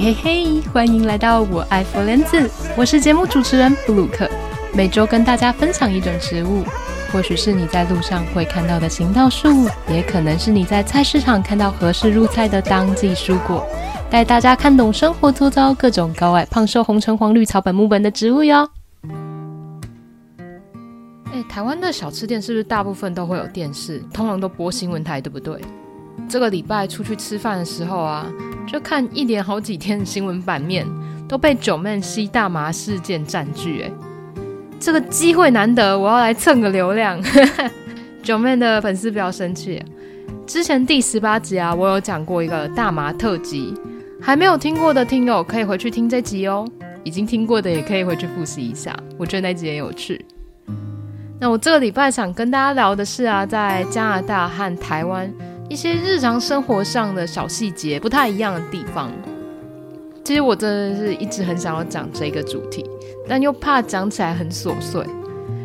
嘿、hey, 嘿、hey, hey，歡迎來到我愛佛蓮子，我是節目主持人布魯克，每周跟大家分享一種植物，或許是你在路上會看到的行道樹，也可能是你在菜市場看到合適入菜的當季蔬果，帶大家看懂生活周遭各種高矮胖瘦紅橙黃綠草本木本的植物喲。哎，台灣的小吃店是不是大部分都會有電視，通常都播新聞台，對不對？這個禮拜出去吃飯的時候啊，就看一連好幾天的新聞版面都被九妹吸大麻事件佔據，欸，哎，這個機會難得，我要來蹭個流量。九 妹的粉絲不要生氣，啊，之前第十八集啊，我有講過一個大麻特輯，還沒有聽過的聽友可以回去聽這集哦，已經聽過的也可以回去複習一下，我覺得那集也有趣。那我這個禮拜想跟大家聊的是啊，在加拿大和台灣。一些日常生活上的小細節不太一樣的地方，其實我真的是一直很想要講這個主題，但又怕講起來很瑣碎。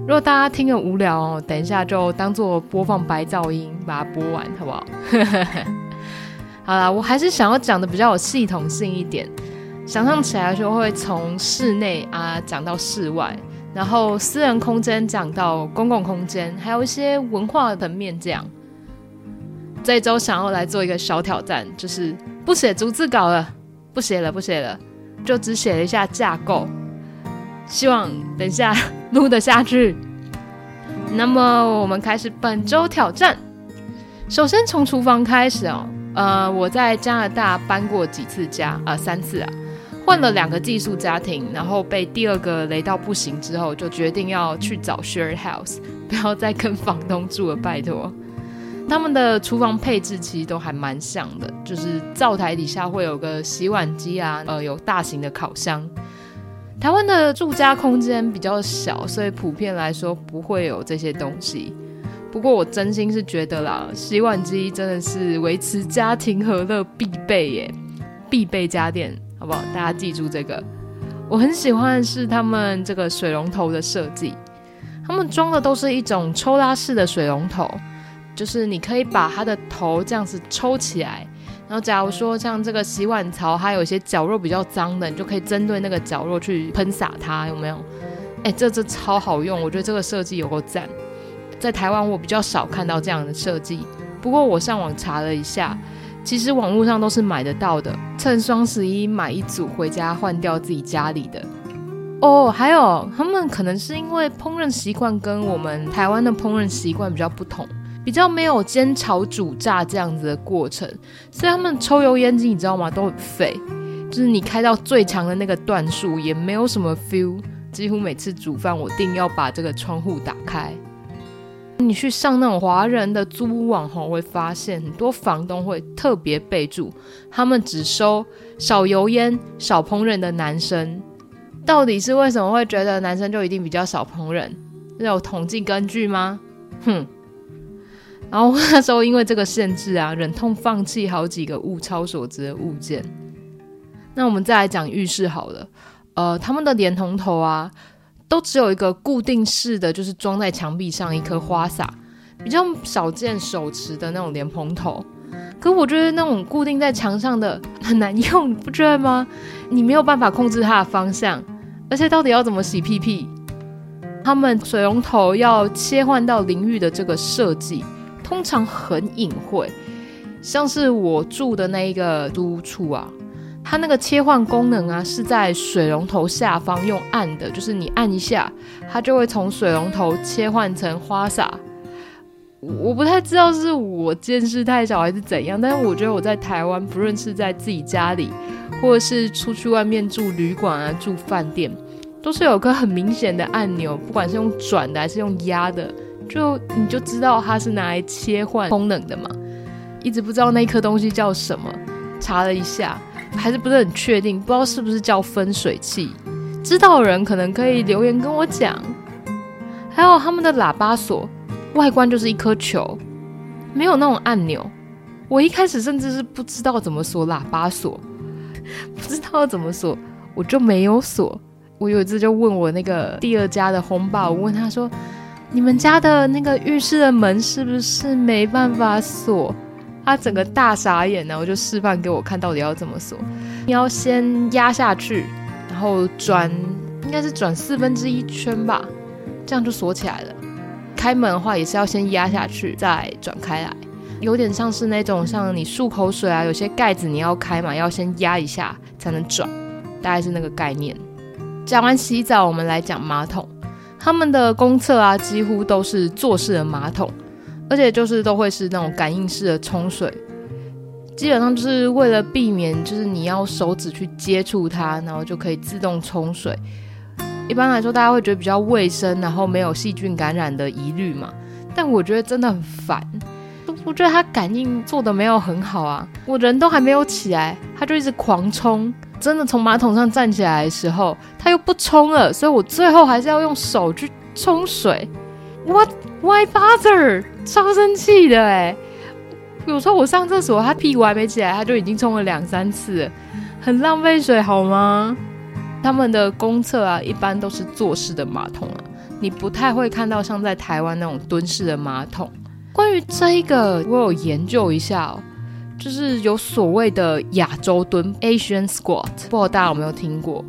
如果大家聽得無聊，等一下就當做播放白噪音，把它播完好不好？ 好啦，我還是想要講的比較有系統性一點，想象起來就會從室內啊講到室外，然後私人空間講到公共空間，還有一些文化的層面這樣。這週想要來做一個小挑戰，就是不寫逐字稿了，不寫了，不寫了，就只寫了一下架構。希望等下錄得下去。那麼我們開始本週挑戰。首先從廚房開始哦。呃，我在加拿大搬過幾次家，啊，三次啊，換了兩個寄宿家庭，然後被第二個雷到不行之後，就決定要去找 share house，不要再跟房東住了，拜託。他們的廚房配置其實都還蠻像的，就是灶台底下會有個洗碗機啊，呃，有大型的烤箱。台灣的住家空間比較小，所以普遍來說不會有這些東西。不過我真心是覺得啦，洗碗機真的是維持家庭和樂必備耶，必備家電，好不好？大家記住這個。我很喜歡是他們這個水龍頭的設計，他們裝的都是一種抽拉式的水龍頭。就是你可以把它的頭這樣子抽起來，然後假如說像這個洗碗槽，還有一些角落比較髒的，你就可以針對那個角落去噴灑它，有沒有？哎、欸，這這超好用，我覺得這個設計有夠讚。在台灣我比較少看到這樣的設計，不過我上網查了一下，其實網絡上都是買得到的，趁雙十一買一組回家換掉自己家裡的。哦、oh,，還有他們可能是因為烹飪習慣跟我們台灣的烹飪習慣比較不同。比較沒有煎、炒、煮、炸這樣子的過程，所以他們抽油煙機你知道嗎？都很廢，就是你開到最強的那個段數也沒有什麼 feel。幾乎每次煮飯我定要把這個窗戶打開。你去上那種華人的租屋網吼會發現很多房東會特別備注，他們只收少油煙、少烹飪的男生。到底是為什麼會覺得男生就一定比較少烹飪？有統計根據嗎？哼。然後那時候因為這個限制啊，忍痛放棄好幾個物超所值的物件。那我們再來講浴室好了，呃，他們的蓮蓬頭啊，都只有一個固定式的，就是裝在牆壁上一顆花灑，比較少見手持的那種蓮蓬頭。可我覺得那種固定在牆上的很難用，你不覺得嗎？你沒有辦法控制它的方向，而且到底要怎麼洗屁屁？他們水龍頭要切換到淋浴的這個設計，通常很隱晦，像是我住的那一個租屋處啊，它那個切換功能啊，是在水龍頭下方用按的，就是你按一下，它就會從水龍頭切換成花灑。我不太知道是我見識太少還是怎樣，但是我覺得我在台灣，不論是在自己家裡，或者是出去外面住旅館啊、住飯店，都是有個很明顯的按鈕，不管是用轉的還是用壓的。就你就知道它是拿來切換功能的嘛，一直不知道那顆東西叫什麼，查了一下還是不是很確定，不知道是不是叫分水器。知道的人可能可以留言跟我講。還有他們的喇叭鎖，外觀就是一顆球，沒有那種按鈕。我一開始甚至是不知道怎麼鎖喇叭鎖， 不知道怎麼鎖，我就沒有鎖。我有一次就問我那個第二家的 host 爸，我問他說，你們家的那個浴室的門是不是沒辦法鎖？他、啊、整個大傻眼呢、啊，我就示範給我看到底要怎麼鎖。你要先壓下去，然後轉，應該是轉四分之一圈吧，這樣就鎖起來了。開門的話也是要先壓下去，再轉開來，有點像是那種像你漱口水啊，有些蓋子你要開嘛，要先壓一下才能轉，大概是那個概念。講完洗澡，我們來講馬桶。他們的公廁啊，幾乎都是坐式的馬桶，而且就是都會是那種感應式的沖水，基本上就是為了避免就是你要手指去接觸它，然後就可以自動沖水。一般來說，大家會覺得比較衛生，然後沒有細菌感染的疑慮嘛。但我覺得真的很煩，我覺得它感應做得沒有很好啊，我人都還沒有起來，它就一直狂沖。真的從馬桶上站起來的時候，他又不沖了，所以我最後還是要用手去沖水。What? Why bother？超生氣的哎、欸！有時候我上廁所，他屁股還沒起來，他就已經沖了兩三次了，很浪費水好嗎？他們的公廁啊，一般都是坐式的馬桶啊，你不太會看到像在台灣那種蹲式的馬桶。關於這一個，我有研究一下、哦。就是有所謂的亞洲蹲 （Asian squat），不知道大家有沒有聽過？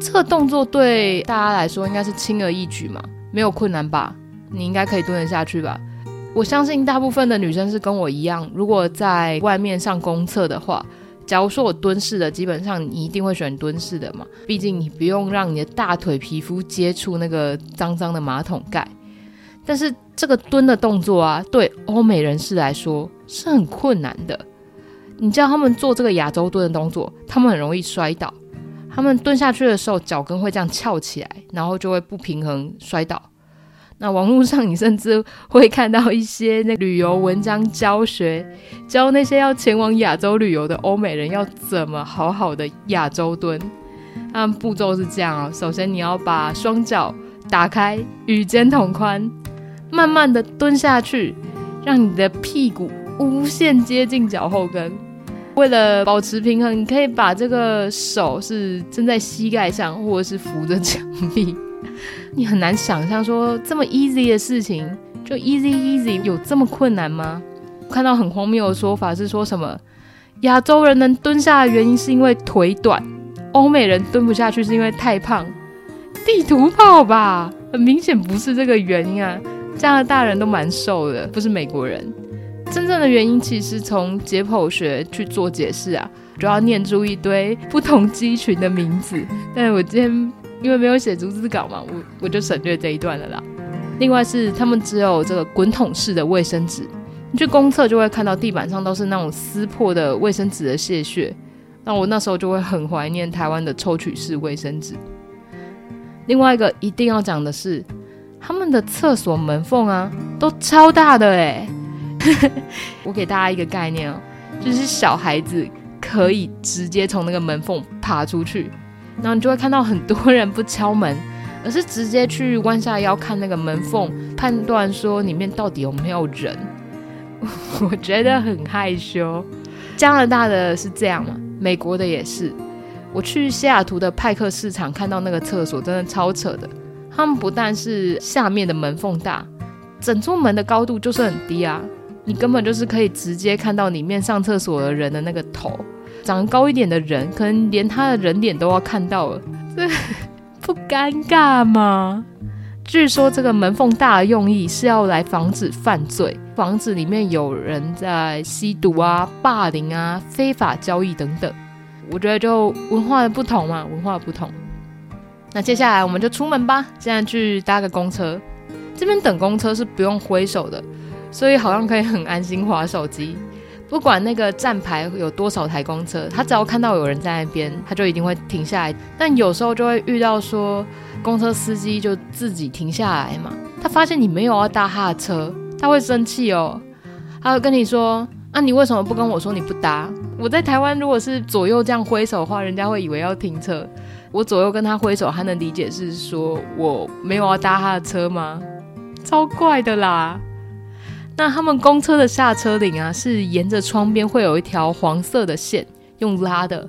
這個動作對大家來說應該是輕而易舉嘛，沒有困難吧？你應該可以蹲得下去吧？我相信大部分的女生是跟我一樣，如果在外面上公廁的話，假如說我蹲式的，基本上你一定會選蹲式的嘛，畢竟你不用讓你的大腿皮膚接觸那個髒髒的馬桶蓋。但是這個蹲的動作啊，對歐美人士來說是很困難的。你叫他們做這個亞洲蹲的動作，他們很容易摔倒。他們蹲下去的時候，腳跟會這樣翹起來，然後就會不平衡摔倒。那網絡上，你甚至會看到一些那旅遊文章教學，教那些要前往亞洲旅遊的歐美人要怎麼好好的亞洲蹲。那步驟是這樣啊、喔，首先你要把雙腳打開與肩同寬。慢慢地蹲下去，讓你的屁股無限接近腳後跟。為了保持平衡，你可以把這個手是撐在膝蓋上，或者是扶着牆壁。 你很難想象說這麼 easy 的事情就 easy easy 有這麼困難嗎？我看到很荒謬的說法是說什麼亞洲人能蹲下的原因是因為腿短，歐美人蹲不下去是因為太胖。地圖炮吧，很明顯不是這個原因啊。加拿大人都蠻瘦的，不是美國人。真正的原因其實從解剖學去做解釋啊，就要念出一堆不同肌群的名字。但是我今天因為沒有寫逐字稿嘛，我我就省略這一段了啦。另外是他們只有這個滾筒式的衛生紙，你去公廁就會看到地板上都是那種撕破的衛生紙的屑屑。那我那時候就會很懷念台灣的抽取式衛生紙。另外一個一定要講的是。他們的廁所門縫啊，都超大的誒、欸、 我給大家一個概念哦、喔，就是小孩子可以直接從那個門縫爬出去，然後你就會看到很多人不敲門，而是直接去彎下腰看那個門縫，判斷說裡面到底有沒有人。 我覺得很害羞。加拿大的是這樣嘛？美國的也是。我去西雅圖的派克市場看到那個廁所，真的超扯的。他們不但是下面的門縫大，整座門的高度就是很低啊，你根本就是可以直接看到裡面上廁所的人的那個頭，長得高一點的人，可能連他的人臉都要看到了，這不尷尬嗎？據說這個門縫大的用意是要來防止犯罪，防止裡面有人在吸毒啊、霸凌啊、非法交易等等。我覺得就文化的不同嘛、啊，文化不同。那接下來我們就出門吧，現在去搭個公車。這邊等公車是不用揮手的，所以好像可以很安心滑手機。不管那個站牌有多少台公車，他只要看到有人在那邊，他就一定會停下來。但有時候就會遇到說，公車司機就自己停下來嘛，他發現你沒有要搭他的車，他會生氣哦，他會跟你說：“啊，你為什麼不跟我說你不搭？”我在台灣如果是左右這樣揮手的話，人家會以為要停車。我左右跟他揮手，他能理解是說我沒有要搭他的車嗎？超怪的啦！那他們公車的下車鈴啊，是沿着窗邊會有一條黃色的線用拉的。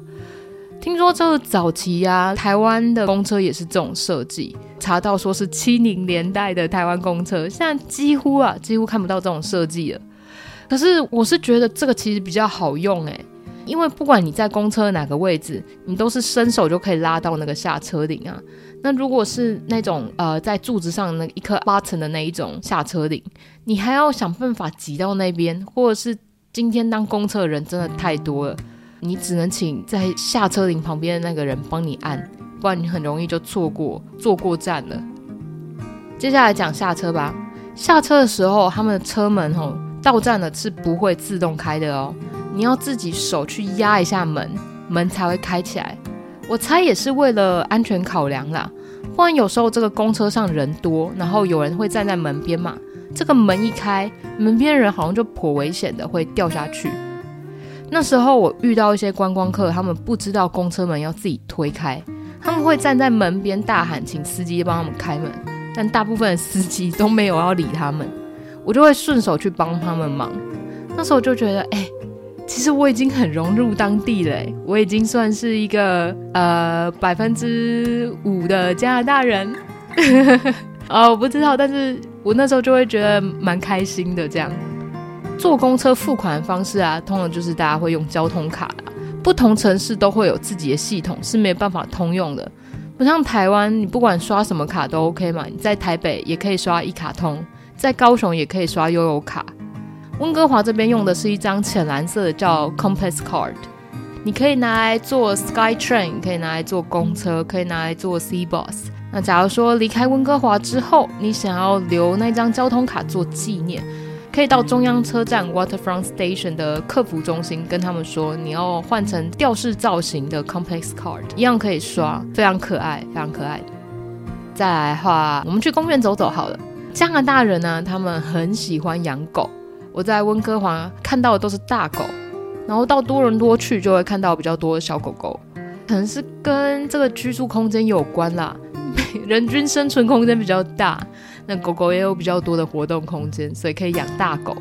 聽說這個早期啊，台灣的公車也是這種設計，查到說是七零年代的台灣公車，現在幾乎啊幾乎看不到這種設計了。可是我是覺得這個其實比較好用誒、欸。因為不管你在公車哪個位置，你都是伸手就可以拉到那個下車鈴啊。那如果是那種呃在柱子上的那一顆八層的那一種下車鈴，你還要想辦法擠到那邊，或者是今天當公車的人真的太多了，你只能請在下車鈴旁邊的那個人幫你按，不然你很容易就錯過坐過站了。接下來講下車吧。下車的時候，他們的車門吼、哦、到站了是不會自動開的哦。你要自己手去壓一下門，門才會開起來。我猜也是為了安全考量啦，不然有時候這個公車上人多，然後有人會站在門邊嘛，這個門一開，門邊人好像就頗危險的會掉下去。那時候我遇到一些觀光客，他們不知道公車門要自己推開，他們會站在門邊大喊請司機幫他們開門，但大部分司機都沒有要理他們，我就會順手去幫他們忙。那時候就覺得，哎、欸。其實我已經很融入當地了，我已經算是一個呃百分之五的加拿大人。 哦，我不知道，但是我那時候就會覺得蠻開心的這樣。坐公車付款方式啊，通常就是大家會用交通卡啦，不同城市都會有自己的系統，是沒有辦法通用的。不像台灣，你不管刷什麼卡都 OK 嘛，你在台北也可以刷一卡通，在高雄也可以刷悠遊卡。溫哥華這邊用的是一張淺藍色的，叫 Compass Card，你可以拿來坐 Sky Train，可以拿來坐公車，可以拿來坐 Sea Bus。那假如說離開溫哥華之後，你想要留那張交通卡做紀念，可以到中央車站 Waterfront Station 的客服中心跟他們說，你要換成吊飾造型的 Compass Card，一樣可以刷，非常可愛，非常可愛。再來話，我們去公園走走好了。加拿大人呢、啊，他們很喜歡養狗。我在溫哥華看到的都是大狗，然後到多倫多去就會看到比較多的小狗狗，可能是跟這個居住空間有關啦，人均生存空間比較大，那狗狗也有比較多的活動空間，所以可以養大狗。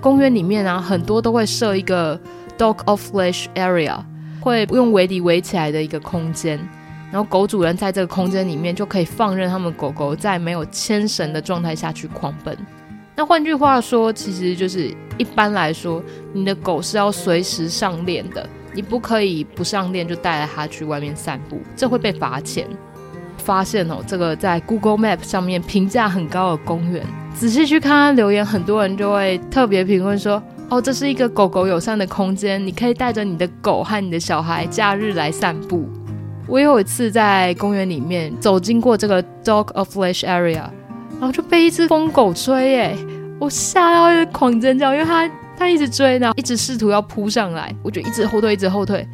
公園裡面啊，很多都會設一個 dog off leash area，會不用圍籬圍起來的一個空間，然後狗主人在這個空間裡面就可以放任他們狗狗在沒有牽繩的狀態下去狂奔。那換句話說，其實就是一般來說，你的狗是要隨時上鏈的，你不可以不上鏈就帶着它去外面散步，這會被罰錢。發現哦，這個在 Google Map 上面評價很高的公園，仔細去看它留言，很多人就會特別評論說，哦，這是一個狗狗友善的空間，你可以帶着你的狗和你的小孩假日來散步。我有一次在公園裡面走經過這個 Dog Off Leash Area。然後就被一隻瘋狗追，哎，我嚇到，狂尖叫，因為它它一直追呢，一直試圖要撲上來，我就一直後退，一直後退。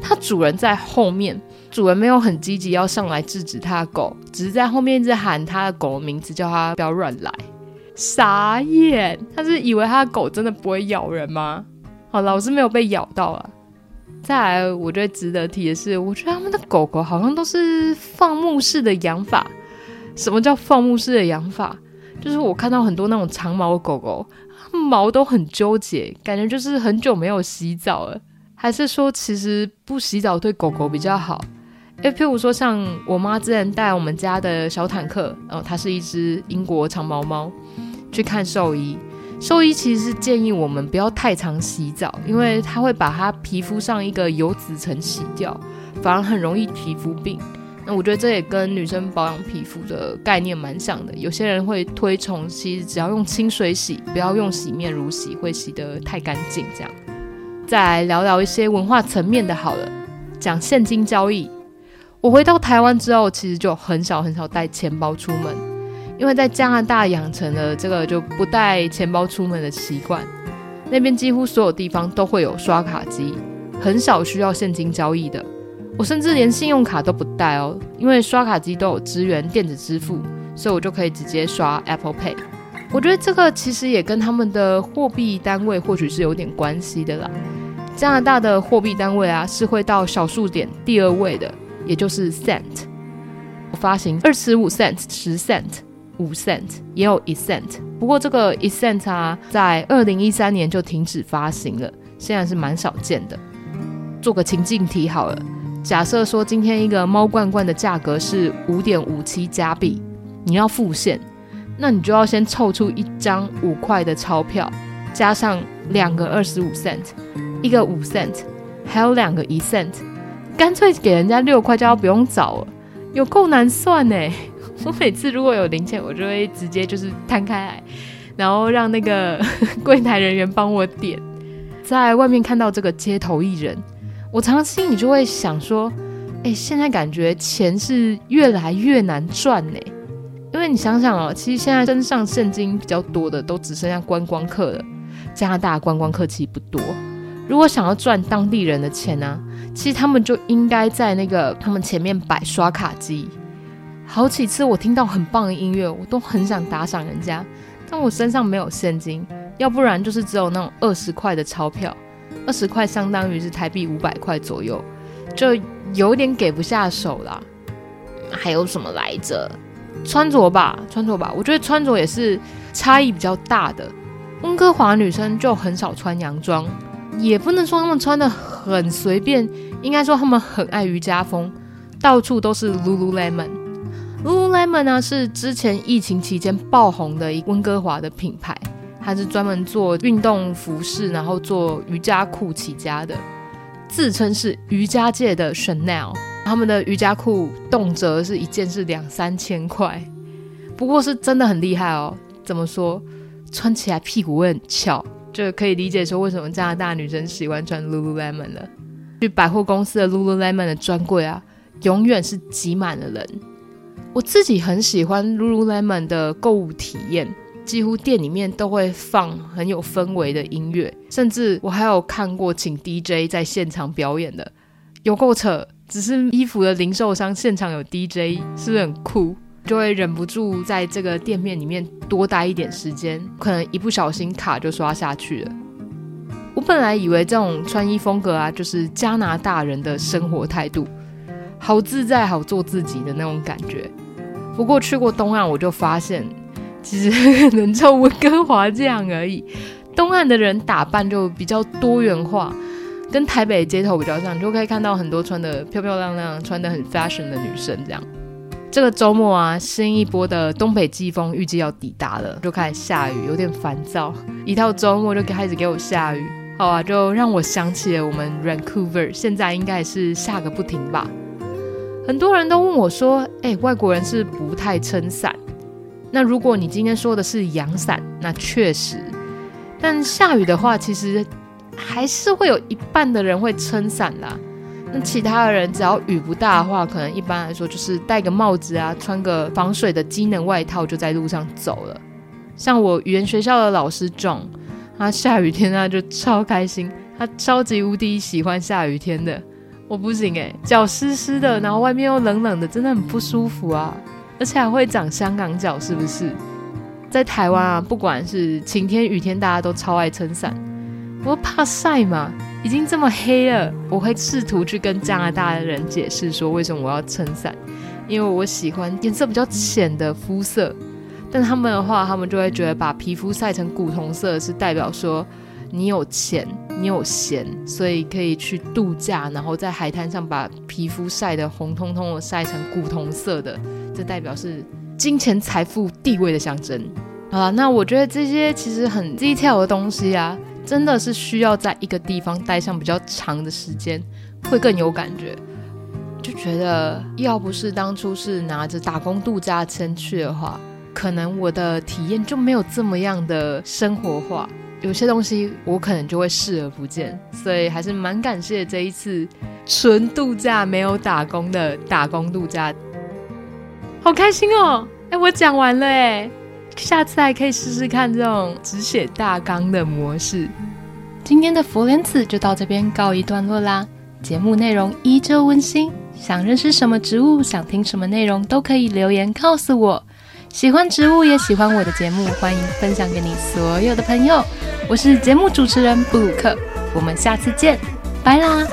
它主人在後面，主人沒有很積極要上來制止他的狗，只是在後面一直喊他的狗的名字，叫他不要亂來。傻眼，他是以為他的狗真的不會咬人嗎？好啦，我是沒有被咬到了。再來，我覺得值得提的是，我覺得他們的狗狗好像都是放牧式的養法。什麼叫放牧式的養法？就是我看到很多那種長毛的狗狗，毛都很糾結，感覺就是很久沒有洗澡了。還是說，其實不洗澡對狗狗比較好？欸，譬如說，像我媽之前帶我們家的小坦克，哦，它是一隻英國長毛貓，去看獸醫，獸醫其實是建議我們不要太常洗澡，因為它會把它皮膚上一個油脂層洗掉，反而很容易皮膚病。那我覺得這也跟女生保養皮膚的概念蠻像的。有些人會推崇，其實只要用清水洗，不要用洗面乳洗，會洗得太乾淨。這樣，再來聊聊一些文化層面的。好了，講現金交易。我回到台灣之後，其實就很少很少帶錢包出門，因為在加拿大養成了這個就不帶錢包出門的習慣。那邊幾乎所有地方都會有刷卡機，很少需要現金交易的。我甚至連信用卡都不帶哦，因為刷卡機都有支援電子支付，所以我就可以直接刷 Apple Pay。我覺得這個其實也跟他們的貨幣單位或許是有點關係的啦。加拿大的貨幣單位啊是會到小數點第二位的，也就是 cent。我發行二十五 cent、十 cent、五 cent，也有一 cent。不過這個一 cent 啊，在二零一三年就停止發行了，現在是蠻少見的。做個情境題好了。假設說今天一個貓罐罐的價格是五點五七加幣，你要付現，那你就要先湊出一張五塊的鈔票，加上兩個二十五 cent，一個五 cent，還有兩個一 cent，乾脆給人家六塊就要不用找了，有夠難算欸。我每次如果有零錢，我就會直接就是攤開來，然後讓那個櫃檯人員幫我點。在外面看到這個街頭藝人。我常常心裡就會想說，誒、欸，現在感覺錢是越來越難賺呢、欸，因為你想想哦，其實現在身上現金比較多的都只剩下觀光客了。加拿大觀光客其實不多，如果想要賺當地人的錢呢、啊，其實他們就應該在那個他們前面擺刷卡機。好幾次我聽到很棒的音樂，我都很想打賞人家，但我身上沒有現金，要不然就是只有那種二十塊的鈔票。二十塊相當於是台幣五百塊左右，就有點給不下手啦、嗯。還有什麼來着？穿着吧，穿着吧。我覺得穿着也是差異比較大的。溫哥華女生就很少穿洋裝，也不能說她們穿的很隨便，應該說她們很愛瑜伽風，到處都是 Lululemon。Lululemon 呢、啊、是之前疫情期間爆紅的一個溫哥華的品牌。他是專門做運動服飾，然後做瑜伽褲起家的，自稱是瑜伽界的 Chanel。他們的瑜伽褲動輒是一件是兩三千塊，不過是真的很厲害哦。怎麼說，穿起來屁股會很翹，就可以理解說為什麼加拿大女生喜歡穿 Lululemon 了。去百貨公司的 Lululemon 的專櫃啊，永遠是擠滿了人。我自己很喜歡 Lululemon 的購物體驗。幾乎店裡面都會放很有氛圍的音樂，甚至我還有看過請 DJ 在現場表演的，有夠扯。只是衣服的零售商現場有 DJ，是不是很酷？就會忍不住在這個店面裡面多待一點時間，可能一不小心卡就刷下去了。我本來以為這種穿衣風格啊，就是加拿大人的生活態度，好自在、好做自己的那種感覺。不過去過東岸，我就發現，其實能像溫哥華這樣而已，東岸的人打扮就比較多元化，跟台北街頭比較像，你就可以看到很多穿的漂漂亮亮、穿的很 fashion 的女生這樣。這個周末啊，新一波的東北季風預計要抵達了，就開始下雨，有點煩躁。一到周末就開始給我下雨，好啊，就讓我想起了我們 Vancouver，現在應該也是下個不停吧。很多人都問我說，哎，外國人是不太撐傘。那如果你今天說的是陽傘，那確實。但下雨的話，其實還是會有一半的人會撐傘啦。那其他的人只要雨不大的話，可能一般來說就是戴個帽子啊，穿個防水的機能外套就在路上走了。像我語言學校的老師種他下雨天他、啊、就超開心，他超級無敵喜歡下雨天的。我不行誒、欸，腳濕濕的，然後外面又冷冷的，真的很不舒服啊。而且還會長香港腳，是不是？在台灣啊，不管是晴天雨天，大家都超愛撐傘，我怕曬嘛，已經這麼黑了，我會試圖去跟加拿大的人解釋說，為什麼我要撐傘？因為我喜歡顏色比較淺的膚色。但他們的話，他們就會覺得把皮膚曬成古銅色是代表說你有錢，你有閒，所以可以去度假，然後在海灘上把皮膚曬得紅彤彤的，曬成古銅色的。代表是金錢、財富、地位的象徵啊！那我覺得這些其實很低調的東西啊，真的是需要在一個地方待上比較長的時間，會更有感覺。就覺得要不是當初是拿着打工度假簽去的話，可能我的體驗就沒有這麼樣的生活化，有些東西我可能就會視而不見。所以還是蠻感謝這一次純度假沒有打工的打工度假。好開心哦！哎，我講完了哎，下次還可以試試看這種只寫大綱的模式。今天的佛蓮子就到這邊告一段落啦。節目內容依舊溫馨，想認識什麼植物，想聽什麼內容都可以留言告訴我。喜歡植物也喜歡我的節目，歡迎分享給你所有的朋友。我是節目主持人布魯克，我們下次見，拜啦。